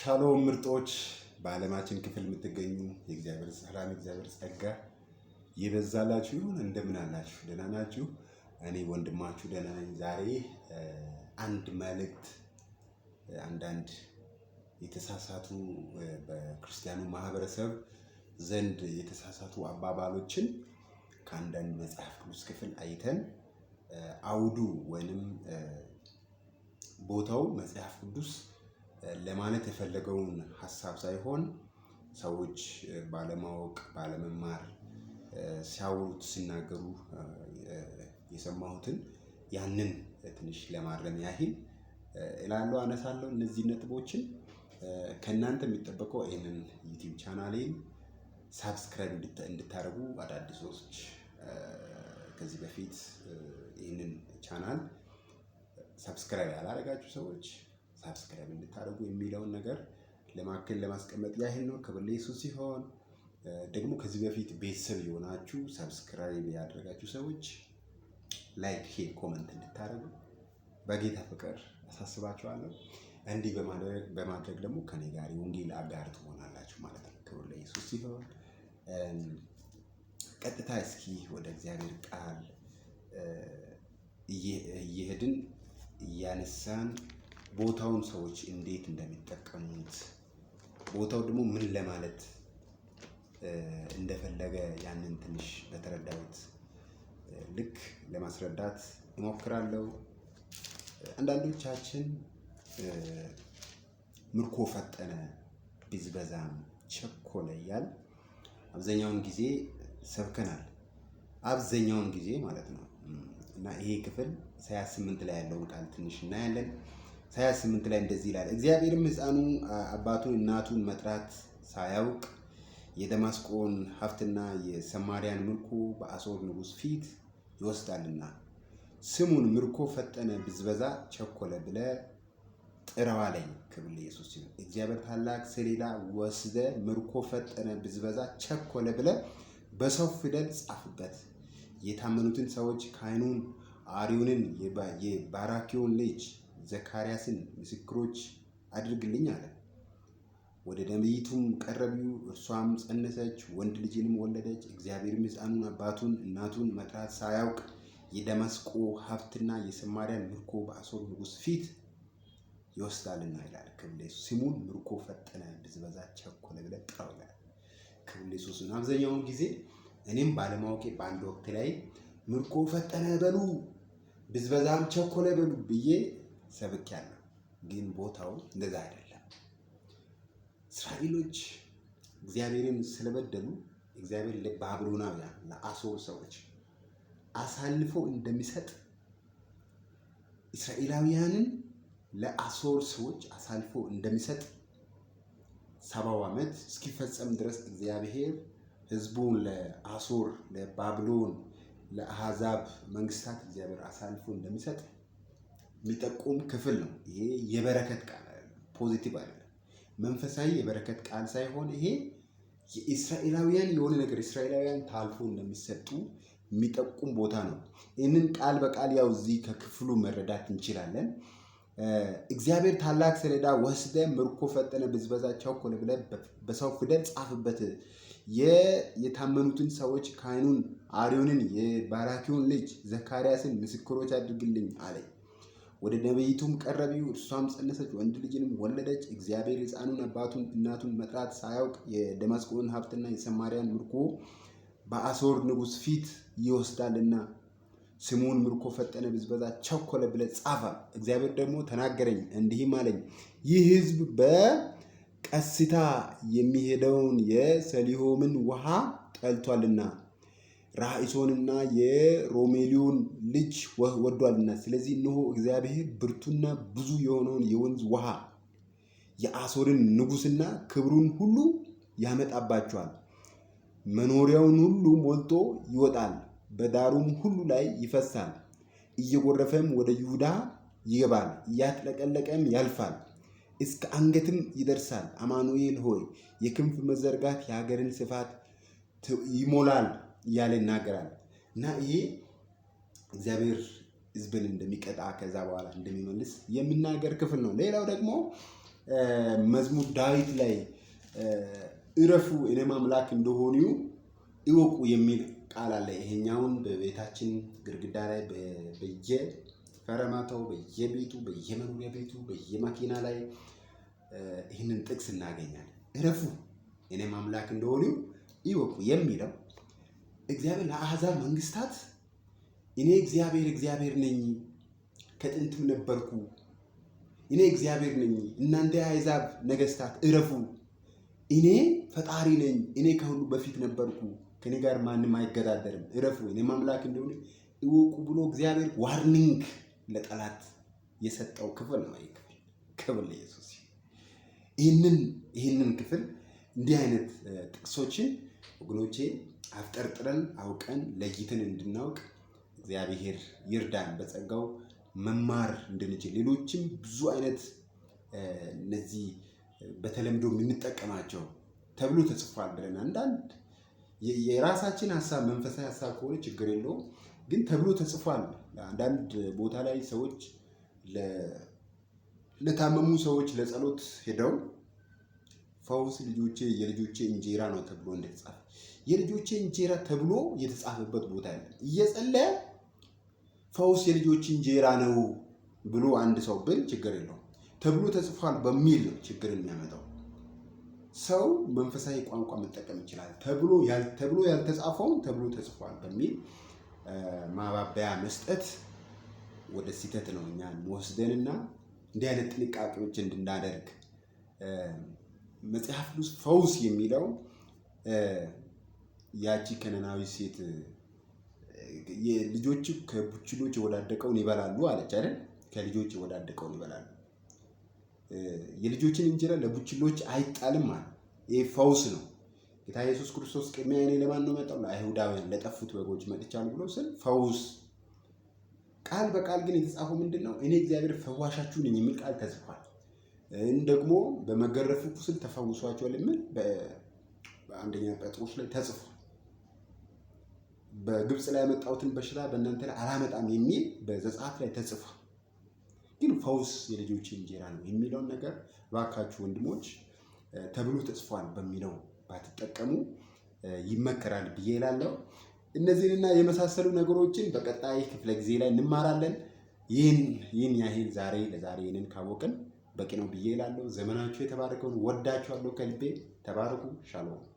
ሻሎም ምርጦች፣ በዓለማችን ክፍል የምትገኙ የእግዚአብሔር ሰላም የእግዚአብሔር ጸጋ ይበዛላችሁ ይሁን። እንደምን አላችሁ? ደህና ናችሁ? እኔ ወንድማችሁ ደህና ነኝ። ዛሬ አንድ መልእክት፣ አንዳንድ የተሳሳቱ በክርስቲያኑ ማህበረሰብ ዘንድ የተሳሳቱ አባባሎችን ከአንዳንድ መጽሐፍ ቅዱስ ክፍል አይተን አውዱ ወይንም ቦታው መጽሐፍ ቅዱስ ለማለት የፈለገውን ሀሳብ ሳይሆን ሰዎች ባለማወቅ ባለመማር ሲያወሩት ሲናገሩ የሰማሁትን ያንን ትንሽ ለማረም ያህል እላለሁ አነሳለሁ። እነዚህ ነጥቦችን ከእናንተ የሚጠበቀው ይህንን ዩቲዩብ ቻናሌን ሳብስክራይብ እንድታደርጉ አዳዲሶች ከዚህ በፊት ይህንን ቻናል ሰብስክራይብ ያላደረጋችሁ ሰዎች ሳብስክራይብ እንድታደርጉ የሚለውን ነገር ለማከል ለማስቀመጥ ያህል ነው። ክብር ለኢየሱስ ሲሆን ደግሞ ከዚህ በፊት ቤተሰብ የሆናችሁ ሰብስክራይብ ያደረጋችሁ ሰዎች ላይክ፣ ሼር፣ ኮመንት እንድታደርጉ በጌታ ፍቅር አሳስባችኋለሁ። እንዲህ በማድረግ ደግሞ ከኔ ጋር የወንጌል አጋር ትሆናላችሁ ማለት ነው። ክብር ለኢየሱስ ሲሆን ቀጥታ እስኪ ወደ እግዚአብሔር ቃል እየሄድን እያነሳን ቦታውን ሰዎች እንዴት እንደሚጠቀሙት ቦታው ደግሞ ምን ለማለት እንደፈለገ ያንን ትንሽ በተረዳሁት ልክ ለማስረዳት እሞክራለሁ። አንዳንዶቻችን ምርኮ ፈጠነ፣ ብዝበዛም ቸኮለ እያል አብዛኛውን ጊዜ ሰብከናል። አብዛኛውን ጊዜ ማለት ነው እና ይሄ ክፍል ስምንት ላይ ያለውን ቃል ትንሽ እናያለን። ኢሳያስ ስምንት ላይ እንደዚህ ይላል፣ እግዚአብሔርም ሕፃኑ አባቱን እናቱን መጥራት ሳያውቅ የደማስቆን ሀብትና የሰማሪያን ምርኮ በአሶር ንጉሥ ፊት ይወስዳልና ስሙን ምርኮ ፈጠነ፣ ብዝበዛ ቸኮለ ብለ ጥረው አለኝ። ክብል ኢየሱስ ሲሆን እግዚአብሔር ታላቅ ሰሌዳ ወስደ ምርኮ ፈጠነ፣ ብዝበዛ ቸኮለ ብለ በሰው ፊደል ጻፍበት። የታመኑትን ሰዎች ካህኑን አሪውንን የባራኪውን ልጅ ዘካርያስን ምስክሮች አድርግልኝ አለ። ወደ ነቢይቱም ቀረቢው፣ እርሷም ጸነሰች፣ ወንድ ልጅንም ወለደች። እግዚአብሔርም ሕፃኑን አባቱን እናቱን መጥራት ሳያውቅ የደማስቆ ሀብትና የሰማርያን ምርኮ በአሶር ንጉሥ ፊት ይወስዳልና ይላል። ክፍል ሶስት ስሙን ምርኮ ፈጠነ፣ ብዝበዛ ቸኮለ ብለ ጥራው ይላል። ክፍል ሶስት ነው። አብዛኛውን ጊዜ እኔም ባለማወቄ በአንድ ወቅት ላይ ምርኮ ፈጠነ በሉ ብዝበዛም ቸኮለ በሉ ብዬ ሰብኬያለሁ። ግን ቦታው እንደዛ አይደለም። እስራኤሎች እግዚአብሔርን ስለበደሉ እግዚአብሔር ለባቢሎናውያን ለአሶር ሰዎች አሳልፎ እንደሚሰጥ እስራኤላውያንን ለአሶር ሰዎች አሳልፎ እንደሚሰጥ ሰባው ዓመት እስኪፈጸም ድረስ እግዚአብሔር ሕዝቡን ለአሶር ለባቢሎን፣ ለአሕዛብ መንግስታት እግዚአብሔር አሳልፎ እንደሚሰጥ የሚጠቁም ክፍል ነው። ይሄ የበረከት ቃል ፖዚቲቭ አይደለም። መንፈሳዊ የበረከት ቃል ሳይሆን ይሄ የእስራኤላውያን የሆነ ነገር እስራኤላውያን ታልፎ እንደሚሰጡ የሚጠቁም ቦታ ነው። ይህንን ቃል በቃል ያው እዚህ ከክፍሉ መረዳት እንችላለን። እግዚአብሔር ታላቅ ሰሌዳ ወስደ ምርኮ ፈጠነ፣ ብዝበዛ ቸኮለ ብለ በሰው ፊደል ጻፍበት። የታመኑትን ሰዎች ካህኑን አሪዮንን የባራኪውን ልጅ ዘካርያስን ምስክሮች አድርግልኝ አለኝ። ወደ ነቢይቱም ቀረቢው እርሷም ጸነሰች ወንድ ልጅንም ወለደች። እግዚአብሔር ሕፃኑን አባቱን እናቱን መጥራት ሳያውቅ የደማስቆን ሀብትና የሰማሪያን ምርኮ በአሶር ንጉሥ ፊት ይወስዳልና ስሙን ምርኮ ፈጠነ፣ ብዝበዛ ቸኮለ ብለ ጻፈ። እግዚአብሔር ደግሞ ተናገረኝ እንዲህም አለኝ፣ ይህ ሕዝብ በቀስታ የሚሄደውን የሰሊሆምን ውሃ ጠልቷልና ራኢሶንና የሮሜሊዮን ልጅ ወዷልና፣ ስለዚህ እነሆ እግዚአብሔር ብርቱና ብዙ የሆነውን የወንዝ ውሃ የአሶርን ንጉሥና ክብሩን ሁሉ ያመጣባቸዋል። መኖሪያውን ሁሉ ሞልቶ ይወጣል፣ በዳሩም ሁሉ ላይ ይፈሳል። እየጎረፈም ወደ ይሁዳ ይገባል፣ እያጥለቀለቀም ያልፋል፣ እስከ አንገትም ይደርሳል። አማኑኤል ሆይ የክንፍ መዘርጋት የሀገርን ስፋት ይሞላል። እያለ ይናገራል እና ይሄ እግዚአብሔር ህዝብን እንደሚቀጣ ከዛ በኋላ እንደሚመልስ የሚናገር ክፍል ነው። ሌላው ደግሞ መዝሙር ዳዊት ላይ እረፉ እኔም አምላክ እንደሆኑ እወቁ የሚል ቃል አለ። ይሄኛውን በቤታችን ግድግዳ ላይ በየ ፈረማታው፣ በየቤቱ፣ በየመኖሪያ ቤቱ፣ በየመኪና ላይ ይህንን ጥቅስ እናገኛለን። እረፉ እኔም አምላክ እንደሆኑ ይወቁ የሚለው እግዚአብሔር ለአሕዛብ መንግስታት እኔ እግዚአብሔር እግዚአብሔር ነኝ፣ ከጥንትም ነበርኩ፣ እኔ እግዚአብሔር ነኝ፣ እናንተ የአሕዛብ ነገስታት እረፉ፣ እኔ ፈጣሪ ነኝ፣ እኔ ከሁሉ በፊት ነበርኩ፣ ከኔ ጋር ማንም አይገዳደርም፣ እረፉ፣ እኔ ማምላክ እንደሆነ እወቁ ብሎ እግዚአብሔር ዋርኒንግ ለጠላት የሰጠው ክፍል ነው። ይህ ክፍል ክብር ለኢየሱስ። ይህንን ይህንን ክፍል እንዲህ አይነት ጥቅሶችን ወገኖቼ አፍጠርጥረን አውቀን ለይተን እንድናውቅ እግዚአብሔር ይርዳን። በጸጋው መማር እንድንችል ሌሎችም ብዙ አይነት እነዚህ በተለምዶ የምንጠቀማቸው ተብሎ ተጽፏል ብለን አንዳንድ የራሳችን ሀሳብ መንፈሳዊ ሀሳብ ከሆነ ችግር የለውም። ግን ተብሎ ተጽፏል አንዳንድ ቦታ ላይ ሰዎች ለታመሙ ሰዎች ለጸሎት ሄደው ፈውስ ልጆቼ የልጆቼ እንጀራ ነው ተብሎ እንደተጻፈ የልጆቼ እንጀራ ተብሎ የተጻፈበት ቦታ ያለ እየጸለየ ፈውስ የልጆች እንጀራ ነው ብሎ አንድ ሰው ብን ችግር የለውም። ተብሎ ተጽፏል በሚል ችግር የሚያመጣው ሰው መንፈሳዊ ቋንቋ መጠቀም ይችላል። ተብሎ ያልተጻፈውን ተብሎ ተጽፏል በሚል ማባበያ መስጠት ወደ ስህተት ነው እኛ ወስደንና እንዲህ አይነት ጥንቃቄዎች እንድናደርግ መጽሐፍ ቅዱስ ፈውስ የሚለው ያቺ ከነናዊ ሴት ልጆች ከቡችሎች የወዳደቀውን ይበላሉ አለች አይደል? ከልጆች የወዳደቀውን ይበላሉ። የልጆችን እንጀራ ለቡችሎች አይጣልም አለ። ይህ ፈውስ ነው። ጌታ ኢየሱስ ክርስቶስ ቅድሚያ እኔ ለማን ነው መጣው? ለአይሁዳውያን ለጠፉት በጎች መጥቻለሁ ብሎ ስል ፈውስ ቃል በቃል ግን የተጻፈው ምንድን ነው? እኔ እግዚአብሔር ፈዋሻችሁ ነኝ የሚል ቃል ተጽፏል። እን ደግሞ በመገረፉ ቁስል ተፈውሷቸዋል የሚል በአንደኛ ጴጥሮስ ላይ ተጽፏል። በግብፅ ላይ ያመጣሁትን በሽታ በእናንተ ላይ አላመጣም የሚል በዘጸአት ላይ ተጽፏል። ግን ፈውስ የልጆች እንጀራ ነው የሚለውን ነገር እባካችሁ ወንድሞች ተብሎ ተጽፏል በሚለው ባትጠቀሙ ይመከራል ብዬ እላለሁ። እነዚህንና የመሳሰሉ ነገሮችን በቀጣይ ክፍለ ጊዜ ላይ እንማራለን። ይህን ይህን ያህል ዛሬ ለዛሬ ይህንን ካወቅን በቂ ነው ብዬ እላለሁ። ዘመናችሁ የተባረከውን ወዳችኋለሁ ከልቤ ተባረኩ። ሻሎም